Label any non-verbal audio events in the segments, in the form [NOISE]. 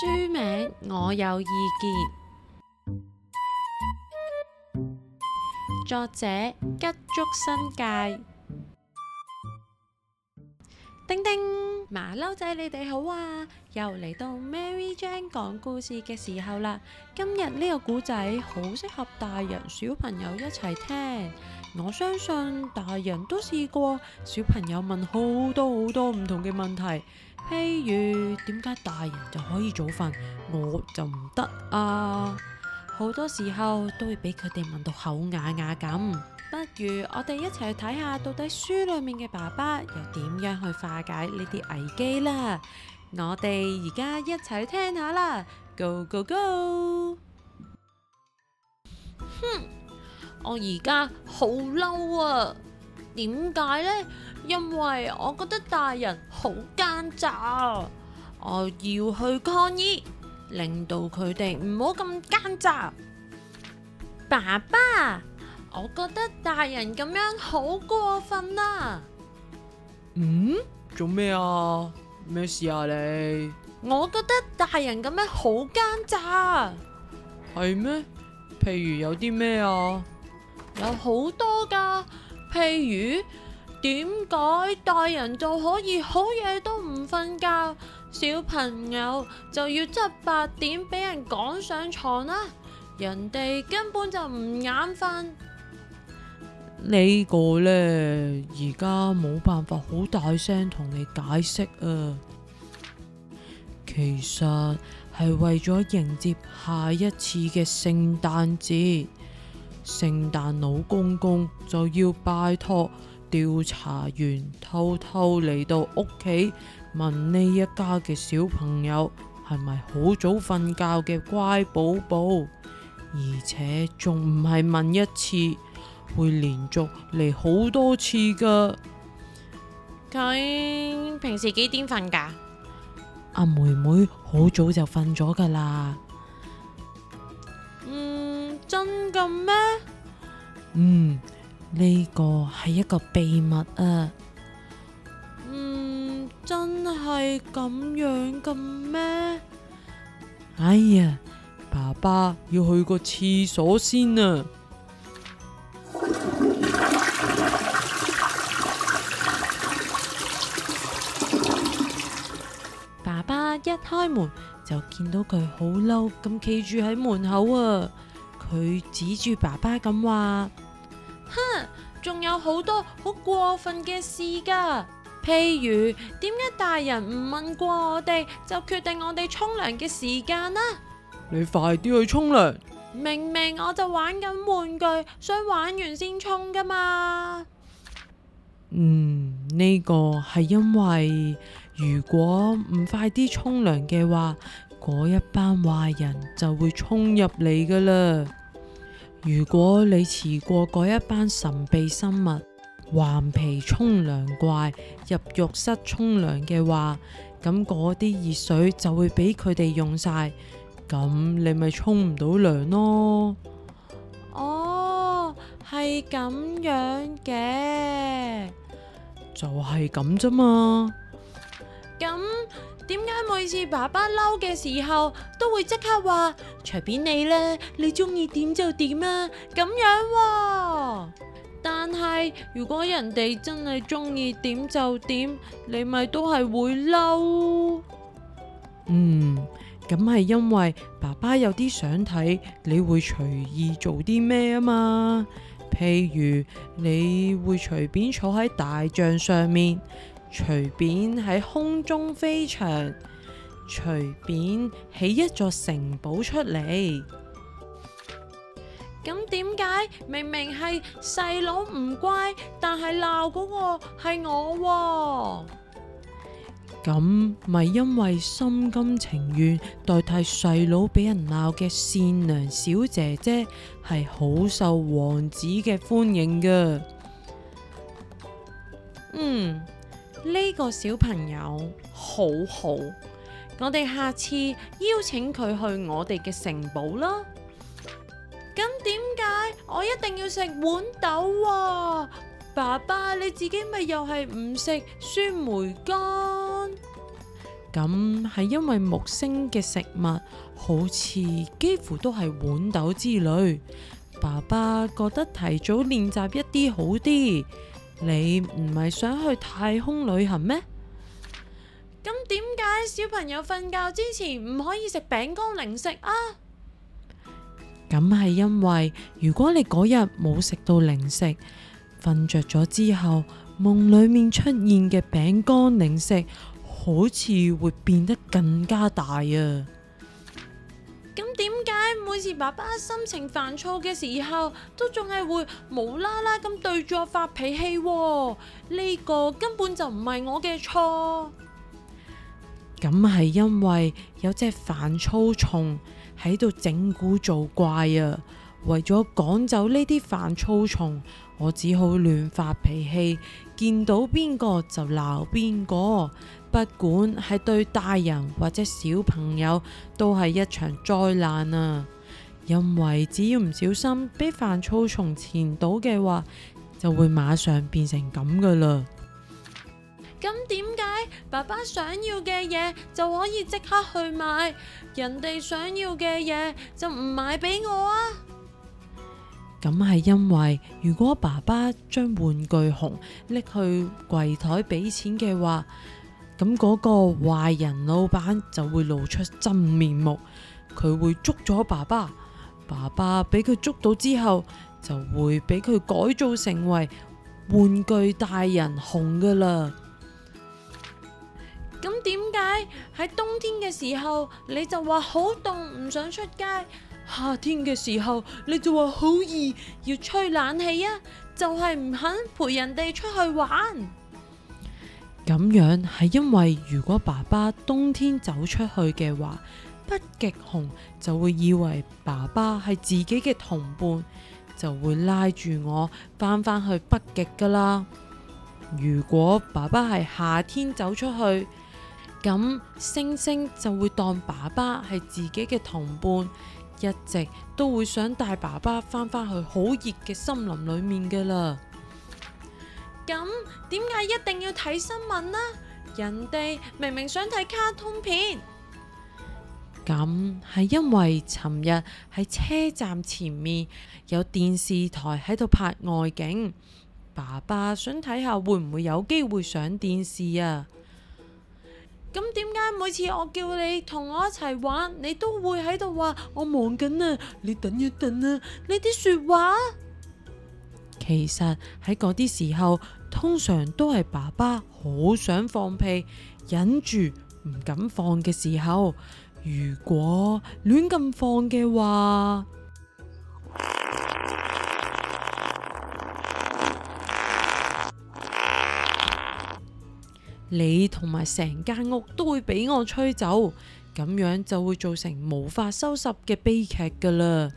書名我有意見，作者吉竹伸介。叮叮，馬騮仔你哋好啊！又嚟到 Mary Jane 講故事嘅時候啦。今日呢個故仔好適合大人小朋友一齊聽。我相信大人都試過，小朋友問好多好多唔同嘅問題，譬如點解大人就可以早瞓，我就唔得啊。好多時候都會俾佢哋問到口啞啞咁，不如我哋一齊去睇下到底書裏面嘅爸爸又點樣去化解呢啲危機啦！我哋而家一齊去聽下啦，Go Go Go！哼，我而家好嬲啊！點解呢？因為我覺得大人好奸詐，我要去抗議。令到佢哋唔好咁奸詐。爸爸，我覺得大人咁樣好過分啊！嗯？做咩啊？咩事啊你？我覺得大人咁樣好奸詐。係咩？譬如有啲咩啊？有好多噶，譬如點解大人就可以好夜都唔瞓覺？小朋友就要七八點俾人趕上床啦，人哋根本就唔眼瞓。呢個呢，而家冇辦法好大聲同你解釋啊。其實係為咗迎接下一次嘅聖誕節，聖誕老公公就要拜託。調查員偷偷嚟到屋企問呢一家嘅小朋友係咪好早瞓覺嘅乖寶寶，而且仲唔係問一次，會連續嚟好多次㗎。佢平時幾點瞓㗎？阿妹妹好早就瞓咗㗎啦。嗯，真噶咩？嗯。呢個係一個秘密啊！嗯，真係咁樣嘅咩？哎呀，爸爸要去個廁所先啊！ [NOISE] 爸爸一開門就見到佢好嬲咁企住喺門口啊！佢指住爸爸咁話。仲有好多好過分嘅事噶，譬如點解大人唔問過我哋就決定我哋沖涼嘅時間啦？你快啲去沖涼！明明我就玩緊玩，玩具，想玩完先沖噶嘛。嗯、呢、這個係因為如果唔快啲沖涼嘅話，嗰一班壞人就會沖入嚟噶啦。如果你遲過嗰一班神秘生物頑皮沖涼怪入浴室沖涼嘅話，咁嗰啲熱水就會俾佢哋用晒，咁你咪沖唔到涼咯。哦，係咁樣嘅，就係咁啫嘛。咁點解每次爸爸嬲嘅時候都會即刻話，隨便你呢，你中意點就點啦咁樣喎，啊哦？但係如果人哋真係中意點就點，你咪都係會嬲。嗯，咁係因為爸爸有啲想睇你會隨意做啲咩啊嘛？譬如你會隨便坐喺大象上面。隨便喺空中飛翔，隨便起一座城堡出嚟。咁點解明明係細佬唔乖，但係鬧嗰個係我？咁咪因為心甘情願代替細佬俾人鬧嘅善良小姐姐係好受王子嘅歡迎噶。嗯。呢個小朋友好好，我哋下次邀請佢去我哋嘅城堡啦。咁點解我一定要食豌豆啊？爸爸，你自己咪又係唔食酸梅乾？咁係因為木星嘅食物好似幾乎都係豌豆之類。爸爸覺得提早練習一啲好啲。你唔係想去太空旅行咩？咁點解小朋友瞓覺之前唔可以食餅乾零食啊？咁係因為如果你嗰日冇食到零食，瞓着咗之後，夢裏面出現嘅餅乾零食，好似會變得更加大啊！每次爸爸心情煩躁嘅時候，都仲係會無啦啦咁對住我發脾氣、哦，呢、呢個根本就唔係我嘅錯。咁係因為有隻煩躁蟲喺度整蠱做怪啊！為咗趕走呢啲煩躁蟲，我只好亂發脾氣，見到邊個就鬧邊個。不管係對大人或者小朋友，都係一場災難啊！因為只要唔小心俾糞草蟲纏到嘅話，就會馬上變成咁噶啦。咁點解爸爸想要嘅嘢就可以即刻去買，人哋想要嘅嘢就唔買俾我啊？咁係因為如果爸爸將玩具熊拎去櫃台俾錢嘅話，咁嗰個壞人老闆就會露出真面目，佢會捉咗爸爸，爸爸俾佢捉到之後，就會俾佢改造成為玩具大人熊噶啦。咁點解喺冬天嘅時候你就話好凍唔想出街，夏天嘅時候你就話好易要吹冷氣啊，就係唔肯陪人哋出去玩。咁樣係因為如果爸爸冬天走出去嘅話，北極熊就會以為爸爸係自己嘅同伴，就會拉住我翻返去北極噶啦。如果爸爸係夏天走出去，咁星星就會當爸爸係自己嘅同伴，一直都會想帶爸爸返返去好熱嘅森林裏面嘅啦。咁點解一定要睇新聞呢？人哋明明想睇卡通片。咁係因為尋日喺車站前面有電視台喺度拍外景，爸爸想睇下會唔會有機會上電視啊？咁點解每次我叫你同我一齊玩，你都會喺度話我忙緊啊？你等一等啊！你啲說話。其實喺嗰啲時候，通常都係爸爸好想放屁，忍住唔敢放嘅時候。如果亂咁放嘅話， [LAUGHS] 你同埋成間屋都會俾我吹走，咁樣就會造成無法收拾嘅悲劇㗎喇。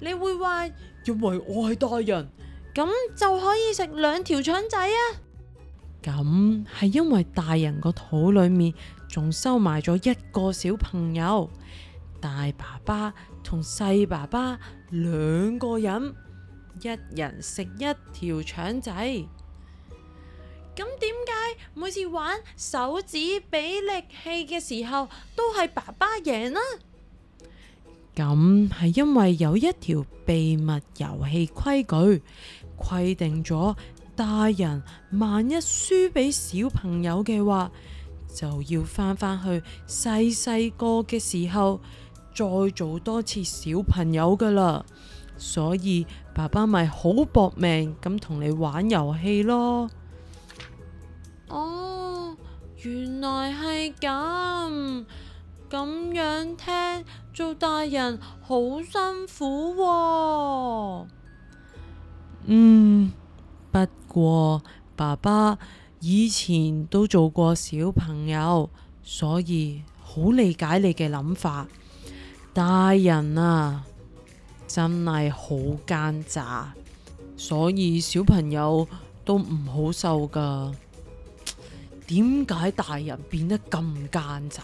你會話，因為我係大人，咁就可以食兩條腸仔啊？咁係因為大人個肚裏面仲收埋咗一個小朋友，大爸爸同細爸爸兩個人，一人食一條腸仔。咁點解每次玩手指比力氣嘅時候都係爸爸贏啦？啊？咁係、嗯、因為有一條秘密遊戲規矩，規定咗大人萬一輸俾小朋友嘅話，就要翻返去細細個嘅時候再做多次小朋友噶啦。所以爸爸咪好搏命咁同你玩遊戲咯。哦，原來係咁。咁樣聽做大人好辛苦喎。嗯，不過爸爸以前都做過小朋友，所以好理解你嘅諗法。大人啊，真係好奸詐，所以小朋友都唔好受㗎。點解大人變得咁奸詐？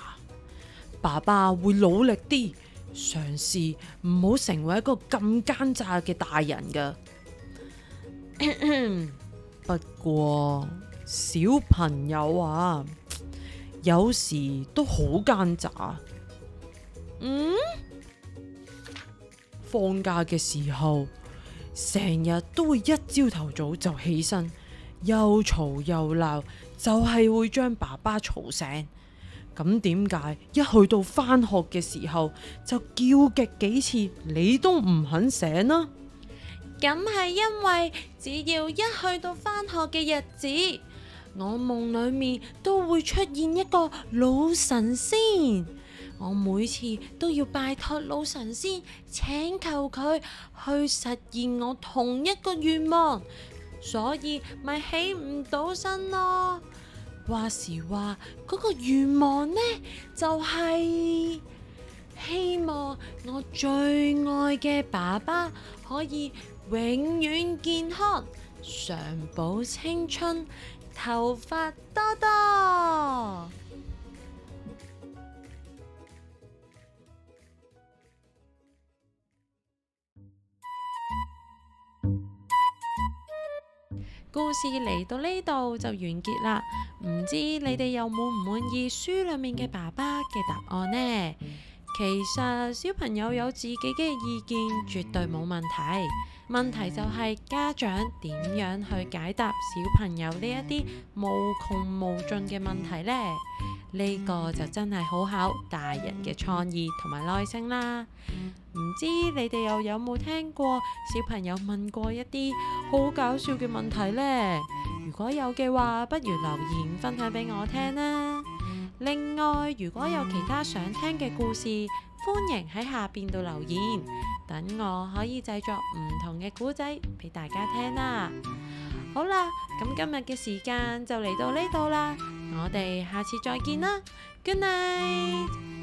爸爸會努力啲嘗試，唔好成為一個咁奸詐嘅大人㗎咳咳。不過小朋友啊，有時都好奸詐。嗯，放假嘅時候，成日都會一朝頭早就起身，又嘈又鬧，就係會將爸爸吵醒。咁點解一去到返學嘅時候就叫極幾次，你都唔肯醒呢？咁係因為只要一去到返學嘅日子，我夢裏面都會出現一個老神仙，我每次都要拜託老神仙請求佢去實現我同一個願望，所以咪起唔到身咯。話時話，嗰個願望呢，就係希望我最愛嘅爸爸可以永遠健康，常保青春，頭髮多多。故事嚟到呢度就完結啦，唔知你哋又滿唔滿意書裏面嘅爸爸嘅答案呢？嗯其實小朋友有自己嘅意見，絕對冇問題。問題就係家長點樣去解答小朋友呢一啲無窮無盡嘅問題呢？呢個就真係好考大人嘅創意同埋耐性啦。唔知你哋又有冇聽過小朋友問過一啲好搞笑嘅問題呢？如果有嘅話，不如留言分享俾我聽啦。另外，如果有其他想聽嘅故事，歡迎喺下邊度留言，等我可以製作唔同嘅古仔俾大家聽啦。好啦，咁今日嘅時間就嚟到呢度啦，我哋下次再見啦，Good night。